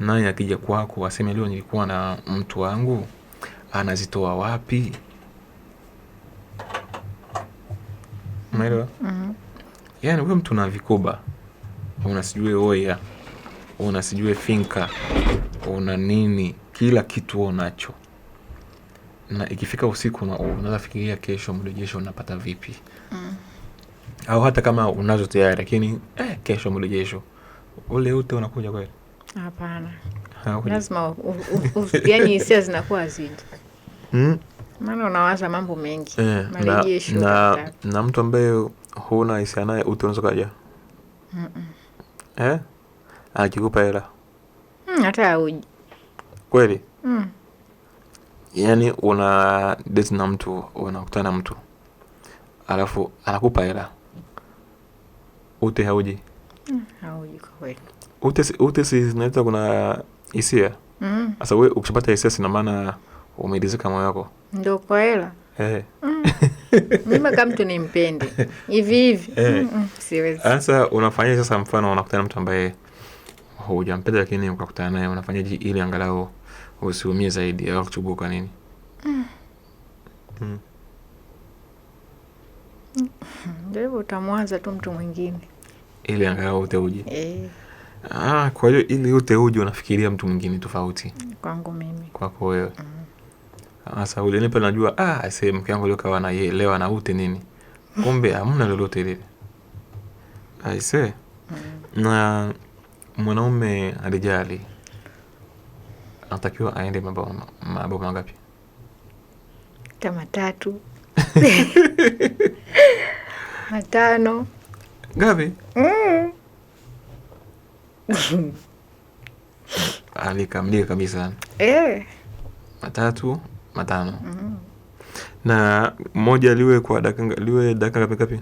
Nani akija kwako aseme leo nilikuwa na mtu wangu, anazitoa wapi? Umeelewa? Mm. Yaani wewe mtu na vikoba, una sijue oya, una sijue finka, una nini, kila kitu unacho, na ikifika usiku unaanza fikiria kesho, mrejesho unapata vipi? Mm. Au hata kama unazo tayari lakini eh, kesho mrejesho ule ute unakuja kweli. Hapana, lazima yani hisia zinakuwa haziji mm. Maana unawaza mambo mengi yeah. na, na, na mtu ambaye huna hisia naye utunzo kaja mm -mm. Eh? akikupa hela hmm, hata mm, kweli mm. Yaani una date na mtu unakutana mtu alafu anakupa hela ute hauji mm, hauji kweli utesi zinaleta kuna hisia sasa mm. we ukishapata hisia sina maana umeridhika moyo wako ndo kwa hela eh. mm. kama mtu nimpende hivi hivi eh. mm, mm siwezi sasa unafanya sasa mfano unakutana mtu ambaye hujampenda lakini ukakutana naye unafanyaji ili angalau usiumie zaidi au kuchubuka nini mm. mm. mm. Ndio utamwaza tu mtu mwingine ili angalau uteuji eh. Ah, kwa hiyo ili uje unafikiria mtu mwingine tofauti. Kwangu mimi. Kwako wewe. Mm. Asa ule Ulinipa najua ah, sasa mke wangu leo kawa na yeye leo ana ute nini? Kumbe hamna lolote lile. aise Mm. Na mwanaume alijali anatakiwa aende mabao mabao mangapi? Kama tatu. Matano. Ngapi? Mm alikamilika kabisa e. matatu matano mm. na mmoja liwe kwa dakika liwe dakika ngapi ngapi?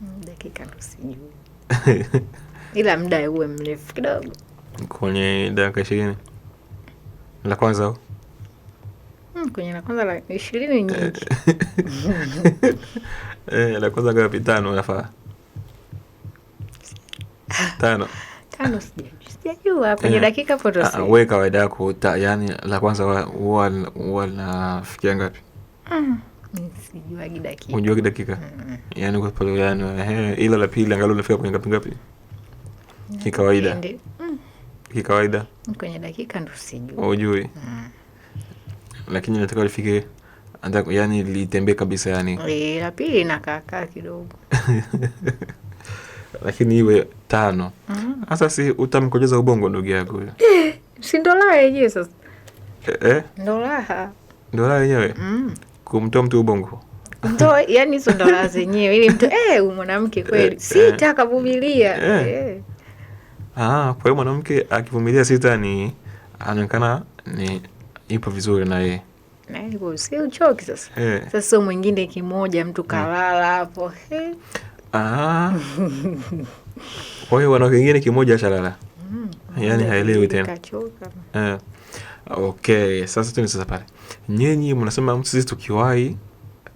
Mm, dakika sijui ila mda uwe mrefu kidogo kwenye dakika ishirini la kwanza au mm, kwenye la kwanza la ishirini nyingi eh, la kwanza ngapi? tano nafaa tano tano sijajua kwenye eh, dakika potosi. Ah, wewe kawaida yako yani la kwanza huwa linafikia ngapi? Ah, Sijuagi dakika. Ujuagi dakika? Yani kwa pale yani ehe, ila la pili angalau linafika kwenye ngapi ngapi? Kikawaida. Mm. Kikawaida. Kwenye dakika ndo sijui. Hujui. Mm. Lakini nataka lifike yani litembee kabisa yani. Eh, la pili inakaa kidogo. Lakini iwe tano. Sasa mm. si utamkojeza ubongo ndugu yako huyo. Eh, si ndo raha yenyewe sasa. Eh, eh? Ndo raha. Ndo raha yenyewe. Mm. Kumtoa mtu ubongo. Ndo yani hizo ndo raha zenyewe ili mtu eh, mwanamke kweli. Eh, sita kavumilia. Eh. Ah, kwa hiyo mwanamke akivumilia sita ni anaonekana ni ipo vizuri na yeye. Na si uchoki sasa. Eh. Sasa mwingine kimoja mtu kalala mm. hapo. Mm. Kwa hiyo wanawake wengine kimoja shalala, mm. yaani haelewi tena. Eh. Okay, sasa tu ni sasa pale, nyinyi mnasema sisi tukiwai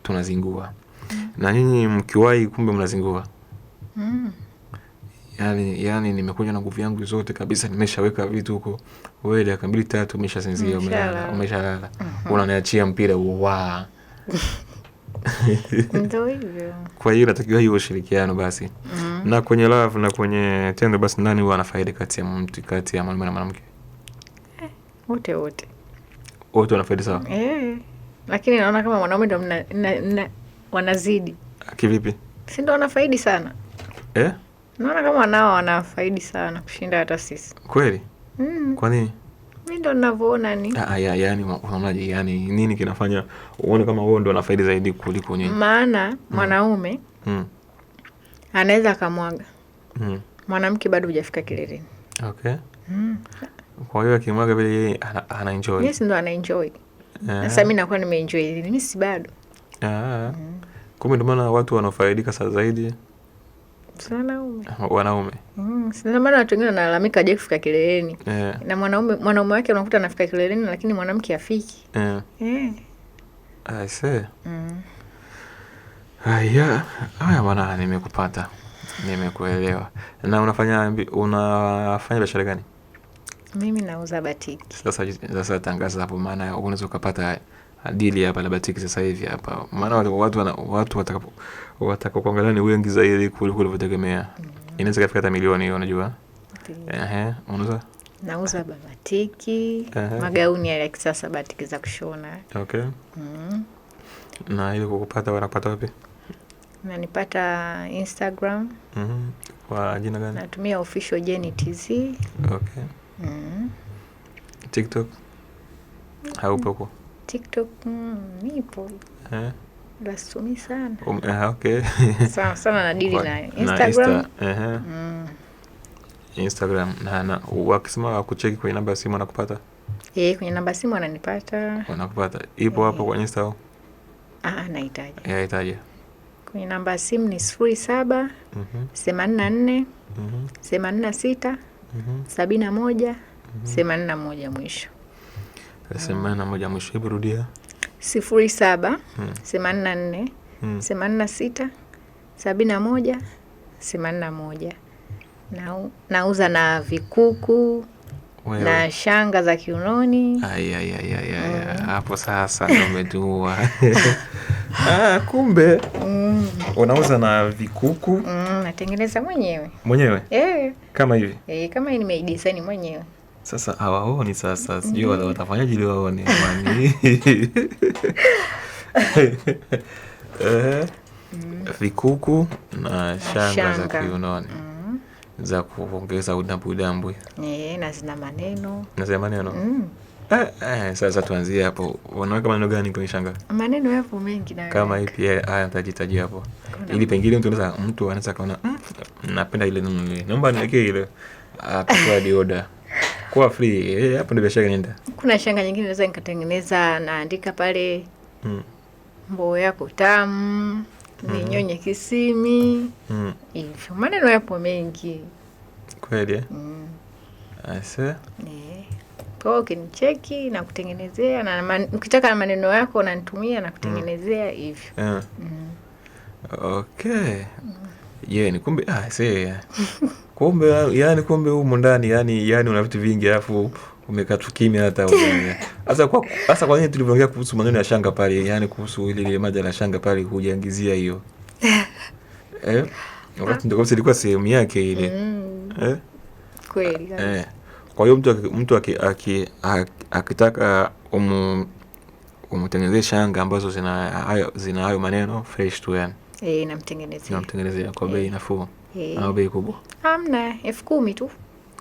tunazingua mm. na nyinyi mkiwai kumbe mnazingua mm. Yani, yani nimekuja na nguvu yangu zote kabisa, nimeshaweka vitu huko, wewe dakika mbili tatu umeshasinzia, mm -hmm. unaniachia mpira wa ndio hivyo. Kwa hiyo inatakiwa hiyo ushirikiano basi. mm Na kwenye love na kwenye tendo basi, nani huwa anafaidi kati ya mtu kati ya mwanaume na mwanamke? Eh, wote wote wote wanafaidi sawa. Eh, lakini naona kama mwanaume ndo wanazidi kivipi, si ndo wanafaidi sana eh? Naona kama nao wanafaidi sana kushinda hata sisi kweli. mm. kwa nini? mi ndo navyoona ni ah, ah, yani, unaonaje? Yani nini kinafanya uone kama wewe ndo faida zaidi kuliko nyinyi? Maana mm. mwanaume mm. anaweza akamwaga mm. mwanamke bado hujafika kileleni. Okay. Mm. Kwa hiyo akimwaga vile yeye ana enjoy. Yes, ndo ana enjoy. Eh. Sasa mimi nakuwa nimeenjoy, mimi si bado. yeah. mm. Kumbe ndio maana watu wanafaidika saa zaidi. wanaume mm, maana watu wengine wanalalamika aje kufika kileleni yeah. na mwanaume mwanaume wake unakuta anafika kileleni lakini mwanamke afiki yeah. yeah. Mm. Haya, haya bwana, nimekupata, nimekuelewa. Na unafanya unafanya biashara gani? Mimi nauza batiki. Sasa sasa tangaza hapo, maana unaweza ukapata dili hapa na Batiki sasa hivi hapa, maana watu watu watu watakapo kuangalia ni wengi zaidi kuliko ulivyotegemea. Mm. Inaweza kufika hata milioni hiyo, unajua. Ehe, unauza nauza batiki magauni ya kisasa, batiki za kushona. Okay. Mm. Na ile kukupata wanakupata wapi? Nanipata Instagram. Mm-hmm. Kwa jina gani? Natumia official Jenny TZ. Okay. Mm. TikTok haupo huko? TikTok nipo mm, eh, lasitumi sana um, uh, okay. sana sana nadili na Instagram eh, eh. Mm. na Instagram na, wakisema wakucheki kwenye namba ya simu wanakupata e, kwenye namba ya simu wananipata, wanakupata ipo hapo kwenye Insta au ah, ah kwenye namba ya simu ni sifuri saba mhm. themanini na nne mhm. themanini na sita mhm. sabini na moja themanini na moja mwisho themanini na moja mwisho. Hebu rudia. sifuri saba hmm. themanini na nne hmm. themanini na sita sabini na moja themanini na moja. Nauza na vikuku Wewe. na shanga za kiunoni. Hmm. Hapo sasa umetua. Ah, kumbe mm. Unauza na vikuku mm, natengeneza mwenyewe mwenyewe eh. Kama hivi eh, kama hii nimeidesign mwenyewe sasa hawaoni sasa, sijui mm. watafanyaje ili waone amani eh, mm. vikuku na shanga, za kiunoni mm. za kuongeza udambudambwi yeah, na zina maneno na zina maneno mm. eh, eh, sasa tuanzie hapo. Wanaweka maneno gani kwenye shanga? Maneno yapo mengi na kama ipi? Eh, haya, nitajitaji hapo ili pengine mtu anaweza mtu anaweza kaona, mm, napenda ile neno, naomba niwekee ile, atakuwa uh, dioda kuwa free eh, hapo ndio biashara inaenda. Kuna shanga nyingine naweza nikatengeneza, naandika pale mm. mboo yako tamu mm. ninyonye kisimi mm. hivyo maneno yapo mengi kweli eh? mm. Asa eh. kwa ukinicheki na kutengenezea na man, ukitaka maneno yako unanitumia na kutengenezea mm. hivyo mm. yeah. mm. okay mm yeah, ni kumbe ah, see kumbe yani, kumbe humu ndani yani, yani una vitu vingi alafu umekatu kimya hata hasa kwa hasa kwa nini tulivyoongea kuhusu maneno ya shanga pale, yani kuhusu ile ile maji la shanga pale, hujaangizia hiyo eh, wakati ndio ilikuwa sehemu yake ile mm. eh? kweli eh. Kwa hiyo mtu mtu akitaka umu umtengenezee shanga ambazo zina hayo zina hayo maneno fresh tu yani e, namtengenezea namtengenezea kwa bei eh. nafuu e, au bei kubwa? Hamna, elfu kumi tu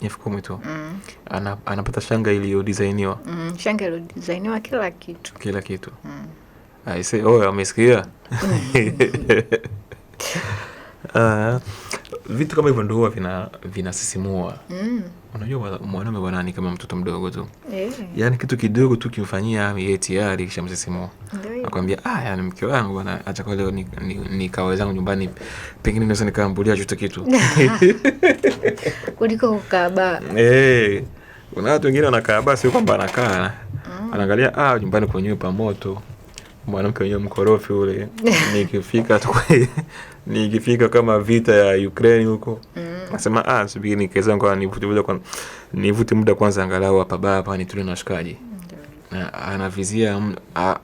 elfu kumi tu mm. Ana, anapata shanga iliyodizainiwa mm, shanga iliyodizainiwa kila kitu kila kitu mm. Aise, oyo oh, amesikia. uh, vitu kama hivyo ndio huwa vina vinasisimua. Mm. Unajua mwanaume bwana ni kama mtoto mdogo tu. Eh. Yaani kitu kidogo tu kimfanyia yeye tayari kishamsisimua. Nakwambia ah, yani mke wangu bwana acha kwa leo ni zangu nyumbani pengine naweza nikaambulia chochote kitu. Kuliko ukaba. Eh. Kuna watu wengine wanakaa basi kwamba anakaa. Mm. Anaangalia ah, nyumbani kwenyewe pa moto mwanamke wenyewe mkorofi ule nikifika tu nikifika kama vita ya Ukraine huko mm. Nasema ah, subiri nikaweza kwa ah, nivute muda kwa nivute muda kwanza, angalau hapa baba hapa nitule na shikaji mm. na anavizia mm,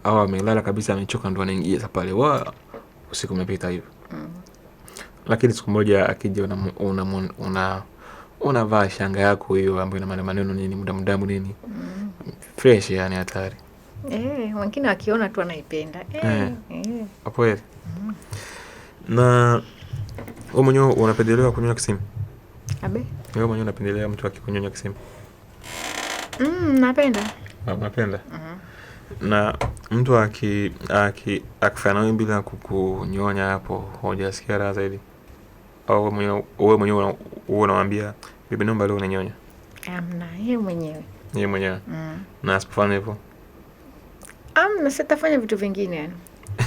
au amelala kabisa, amechoka, ndo anaingia pale, wa usiku umepita hivyo mm. Lakini siku moja akija, unavaa una, una, una, una shanga yako hiyo ambayo ina maneno nini muda mdamu nini mm. fresh, yani hatari e, wengine wakiona tu anaipenda e, eh, e. Eh. Kweli mm. na wewe mwenyewe unapendelewa kunyonya kisimu? Abe, wewe mwenyewe unapendelea mtu akikunyonya kisimu? Mm, napenda ah, napenda mm -hmm. na mtu aki aki akifanya bila kukunyonya hapo, hujasikia raha zaidi au wewe mwenyewe unamwambia bibi, naomba leo unanyonya? Amna, yeye mwenyewe yeye mwenyewe mm. na asipofanya hivyo Amna, sitafanya vitu vingine yani.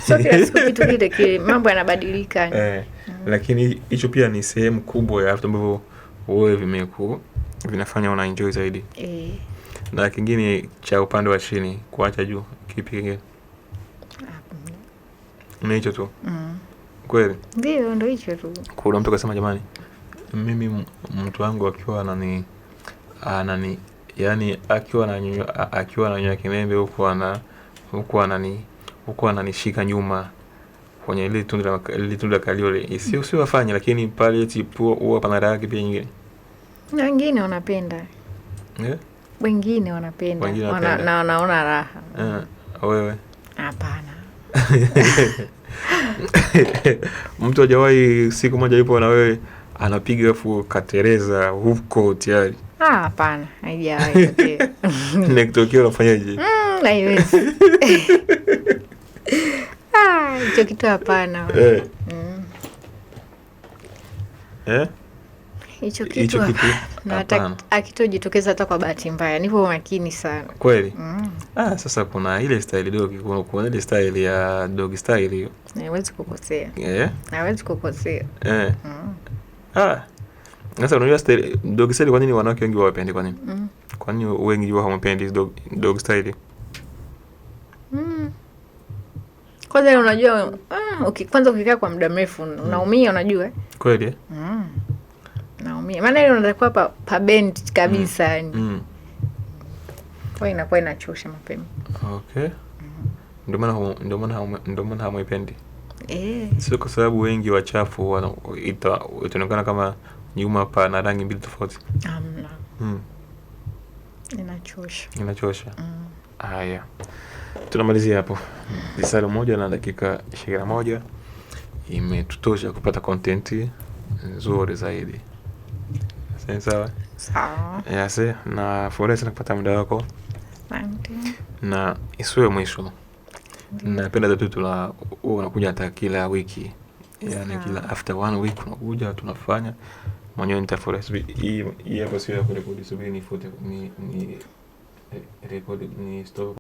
So kila kitu mambo yanabadilika eh, mm. Lakini hicho pia ni sehemu kubwa ya vitu ambavyo wewe vimeku vinafanya una enjoy zaidi eh. Na kingine cha upande wa chini kuacha juu, kipi kingine? Ah, ni hicho tu mm. Kweli ndio, ndio hicho tu. Kuna mtu kasema, jamani, mimi mtu wangu akiwa anani anani, yani akiwa ananyoa akiwa ananyoa kimembe huko ana huku anani huku ananishika nyuma kwenye ile tundu la ile tundu la kaliole. Sio sio wafanya lakini pale eti pua huwa pana raha pia nyingine. Na wengine wanapenda. Eh? Wengine wanapenda. Wengine Wana, na wanaona raha. Ah, wewe? Hapana. Mtu hajawahi siku moja yupo na wewe anapiga afu katereza huko tayari. Ah, hapana, haijawahi Nikitokea unafanyaje? mm hamna iwezi ah, hicho kitu hapana eh. Mm. Eh? hicho kitu na akitojitokeza hata kwa bahati mbaya, nipo makini sana kweli. Mm. Ah, sasa kuna ile style dogi, kuna ile style ya dogi style hiyo, hawezi kukosea yeah. Eh? hawezi kukosea yeah. Mm. Ah, sasa unajua style style, kwa nini wanawake wengi wawapendi? Kwa nini? Mm. Kwa nini wengi wao hawapendi dogi dog style? Kwanza unajua mm, uh, okay, kwanza ukikaa kwa muda mrefu mm. unaumia, unajua kweli mm. Naumia maana ile unatakiwa pa, pa bend kabisa mm. yani mm. Kwa inakuwa inachosha mapema. Okay Ndio maana hamwipendi eh. Sio kwa sababu wengi wachafu itaonekana kama nyuma pana rangi mbili tofauti. Amna mm. Inachosha, inachosha. Mm. Haya ah, yeah tunamalizia hapo. Lisalo moja na dakika ishirini na moja imetutosha kupata kontenti nzuri zaidi. Sawa yase, na furahi sana kupata muda wako na isiwe mwisho. Napenda tatu tuna unakuja hata kila wiki yani, kila after one week unakuja tunafanya mwenyewe. Nitafurahi hii hapa, sio ya kurekodi. Subiri nifute ni ni, eh, ni ni, ni, ni, ni, ni, ni